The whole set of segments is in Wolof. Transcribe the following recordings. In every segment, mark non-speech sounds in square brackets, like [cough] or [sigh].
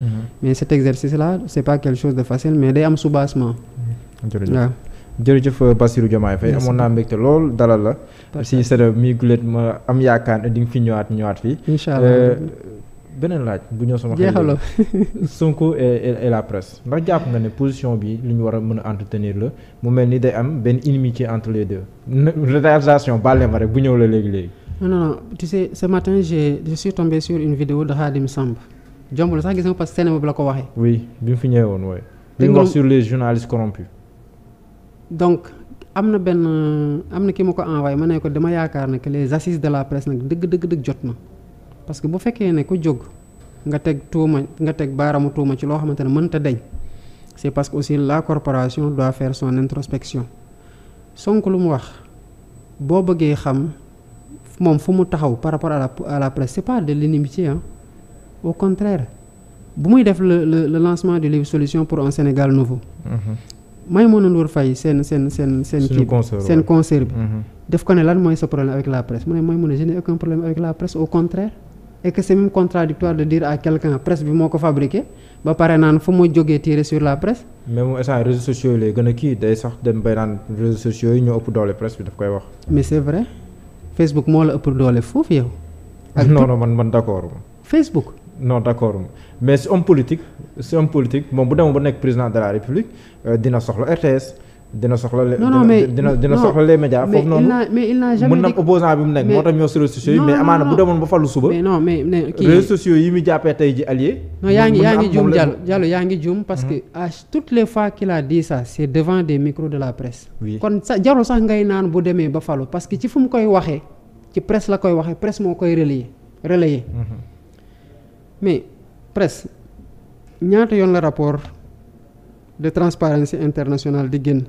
Mm -hmm. mais cet exercice là c'est pas quelque chose de facile mais day am soubassement. waaw. Mm-hmm. jërëjëf euh, Bassirou Diomaye Faye amoon naa mbégte lool dalal la si sera mi gulet ma am yaakaar ne di nga fi ñëwaat ñëwaat fii incha allah euh, beneen laaj bu ñëw sama xel Sonko et la presse ndax jàpp nga ne position bi li ñu war a mën a entretenir la mu mel ni day am benn inimitié entre les deux réalisation bàlle ma rek bu ñëw la léegi léegi non non tu sais ce matin j'ai je jomb la sax gis nga parce que seen boobu la ko waxee. oui bi mu fi ñëwee woon waaye. li mu wax sur les journalistes corrompus. donc am na benn am na ki ma ko envoyé ma ne ko dama yaakaar ne que les assises de la presse nag dëgg dëgg dëgg jot na parce que bu fekkee ne ku jóg nga teg tuuma nga teg baaramu tuuma ci loo xamante ne mënta deñ c'est parce que aussi la corporation doit faire son introspection Sonko lu mu wax boo bëggee xam moom fu mu taxaw par rapport à la à la presse c'est de l'inimitié hein au contraire bu muy def le le lancement du livre solution pour un Sénégal nouveau mhm. Maïmouna Ndour Faye seen seen seen seen kii seen concert bi mhm. def ko ne lan mooy sa problème avec la presse mu ne Maïmouna je n'ai aucun la presse au contraire et que c'est même contradictoire de dire moo ko fabriqué ba pare naan fu mu jógee tirer sur la presse mais moom instant réseaux sociaux yi lay gën a kii day sax dem bay naan réseaux sociaux yi ñoo ëpp doole presse bi daf koy wax mais c'est vrai Facebook moo la ëpp doole foofu yow [laughs] non non man man d'accord Facebook non d' accord mais si homme politique si homme politique moom bu demoon ba nekk président de la république euh, dina soxla RTS. dina soxla les dina dina soxla les médias noonu mais il n'a jamais mën na opposant bi mu nekk moo tax ñoo si mais amaana bu demoon ba fallu suba mais mu jàppee tey ji allié non yaa ngi yaa ngi juum Diallo Diallo yaa ngi juum parce que à toutes les fois qu'il a dit ça c'est devant des micros de la presse kon sa jarul sax ngay naan bu demee ba fallu parce que ci fu mu koy waxee ci presse la koy waxee presse moo koy relayer relayer mais presque ñaata yoon la rapport de transparence internationale di génn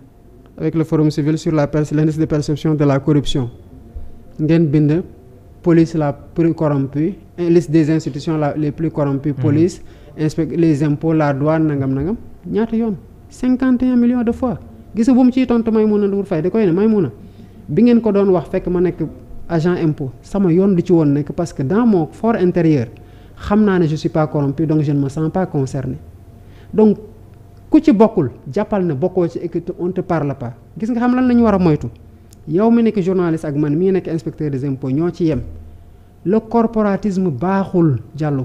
avec le forum civil sur la perce l'indice de perception de la corruption ngeen bind police la plus corrompue liste des institutions la les plus corrompues mhm. police inspect les impôts la douane nangam nangam ñaata yoon cinquante et un millions de fois gisa bu mu ciy tontu Maïmouna Ndour Faye da koy ne Maïmouna bi ngeen ko doon wax fekk ma nekk agent impôt sama yoon du ci woon nekk parce que dans mon fort intérieur xam naa ne je suis pas corrompu donc je ne me sens pas concerné donc ku ci bokkul jàppal na bokkoo ci équite on te parle pas gis nga xam lan la ñu war a moytu yow mi nekk journaliste ak man mii nekk inspecteur des impôts ñoo ci yem le corporatisme baaxul jàllu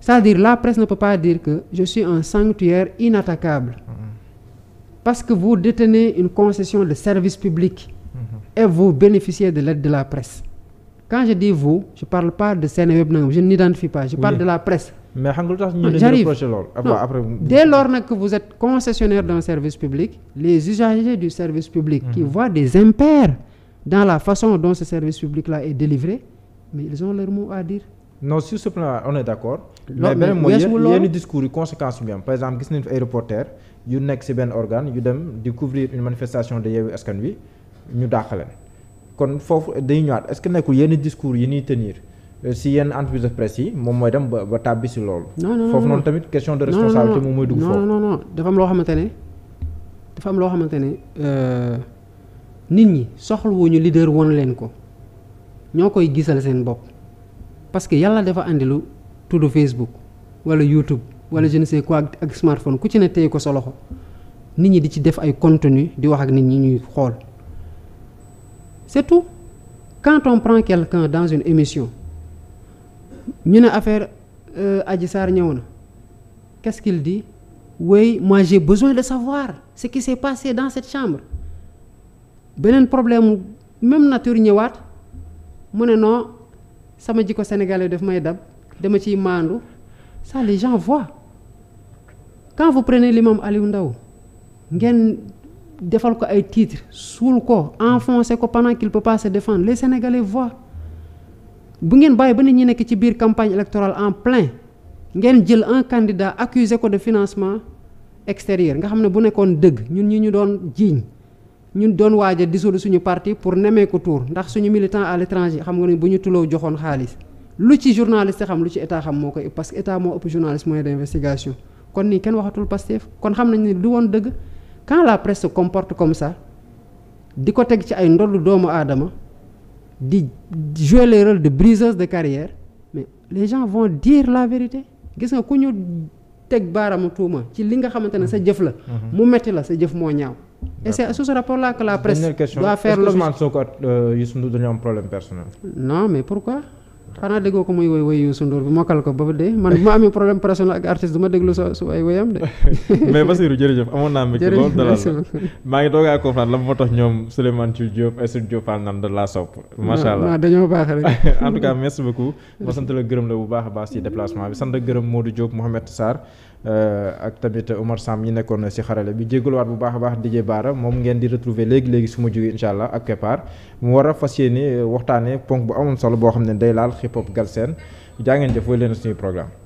c'est-à-dire la presse ne peut pas dire que je suis un sanctuaire inattaquable mm-hmm. parce que vous détenez une concession de service public mm-hmm. et vous bénéficiez de l'aide de la presse quand je dis vous je parle pas de Seneweb nangam je n'identifie pas je parle oui. de la presse. mais xam nga lu tax ñu dañu reproché loolu. après dès lors nag vous êtes concessionnaire d'un service public les usagers du service public. qui mhm. voient des impairs dans la façon dont ce service public là est délivré mais ils ont leur mot à dire. non sur ce plan on est d'accord mais beneen mooy yenn discours yi conséquences yu par exemple gis nañu fi ay reporters nekk ci benn organe yu dem di couvrir une manifestation de Yewwi Askan Wi ñu dàq leen kon foofu dañuy ñëwaat est-ce que nekkul yenn discours yi ñuy tenir euh, si yenn entreprise de presse yi moom mooy dem ba ba tàbbi si loolu. foofu noonu tamit question de responsabilité moom mooy dugg foofu. non non non dafa am loo xamante ne dafa am loo xamante ne euh, nit ñi soxlawuñu leader woon leen ko ñoo koy gisal seen bopp parce que yàlla dafa andi lu tudd Facebook wala YouTube wala je ne sais quoi ak smartphone ku ci ne téye ko sa loxo nit ñi di ci def ay contenu di wax ak nit ñi ñuy xool. c'est tout quand on prend quelqu'un dans une émission ñu ne affaire euh, Adji Sarr ñëw na qu'est-ce qu'il dit oui moi j'ai besoin de savoir ce qui s'est passé dans cette chambre beneen problème même nature ñëwaat mu ne non sama jikko sénégalais def may dab dama ciy maandu ça les gens voient quand vous prenez l'imam Aliou Ndao ngeen defal ko ay titres suul ko en enfoncé ko pendant qu'il peut pas se défendre les sénégalais voient bu ngeen bàyyi ba nit ñi nekk ci biir campagne électorale en plein ngeen jël un candidat accusé ko de financement extérieur nga xam ne bu nekkoon dëgg ñun ñi ñu doon jiiñ ñun doon waaj a dissoudre suñu parti pour nemee ko tour ndax suñu militant à l'étranger xam nga ne bu ñu tuloo joxoon xaalis lu ci journaliste xam lu ci état xam moo koy parce que état moo ëpp journaliste moyen d'investigation kon nii kenn kon xam nañ ne du woon dëgg quand la presse se comporte comme ça di ko teg ci ay ndollu doomu aadama di jouer le rôle de briseuse de carrière mais les gens vont dire la vérité gis nga ku ñu teg baaramu tuuma ci li nga xamante ne sa jëf la. Mhm. mu metti la sa jëf moo ñaaw. et c'est sous ce rapport la que la presse. doit faire l'objet Ousmane Sonko ak euh, Youssou Ndour dañoo am problème personnel. non mais pourquoi. xanaa déggoo ko muy woy woy Youssou Ndour bi mokkal ko ba de man bu ma amee problème personnel ak artiste du déglu su ay woyam de. [laughs] mais Basirou jërëjëf amoon naa mbégte loolu dalal maa ngi doog a comprendre la moo tax ñoom Souleymane Thiou Diop et Sidi Diop naan da sopp macha allah dañoo baax rek [laughs] en tout cas merci beaucoup [laughs] ma sant la gërëm la bu baax a baax ci déplacement bi sant gërëm moo Modou Diop Mouhamed Sarr Euh, ak tamit Omar Sam ñi nekkoon si xarale bi jégaluwaat bu baax a baax DJ Baara moom ngeen di retrouver léegi léegi su ma jógee incha allah ak keppaar mu war a fas yéene waxtaanee ponk bu amoon solo boo xam ne day laal hip hop galsen jaa ngeen jëf wala leen suñuy programme.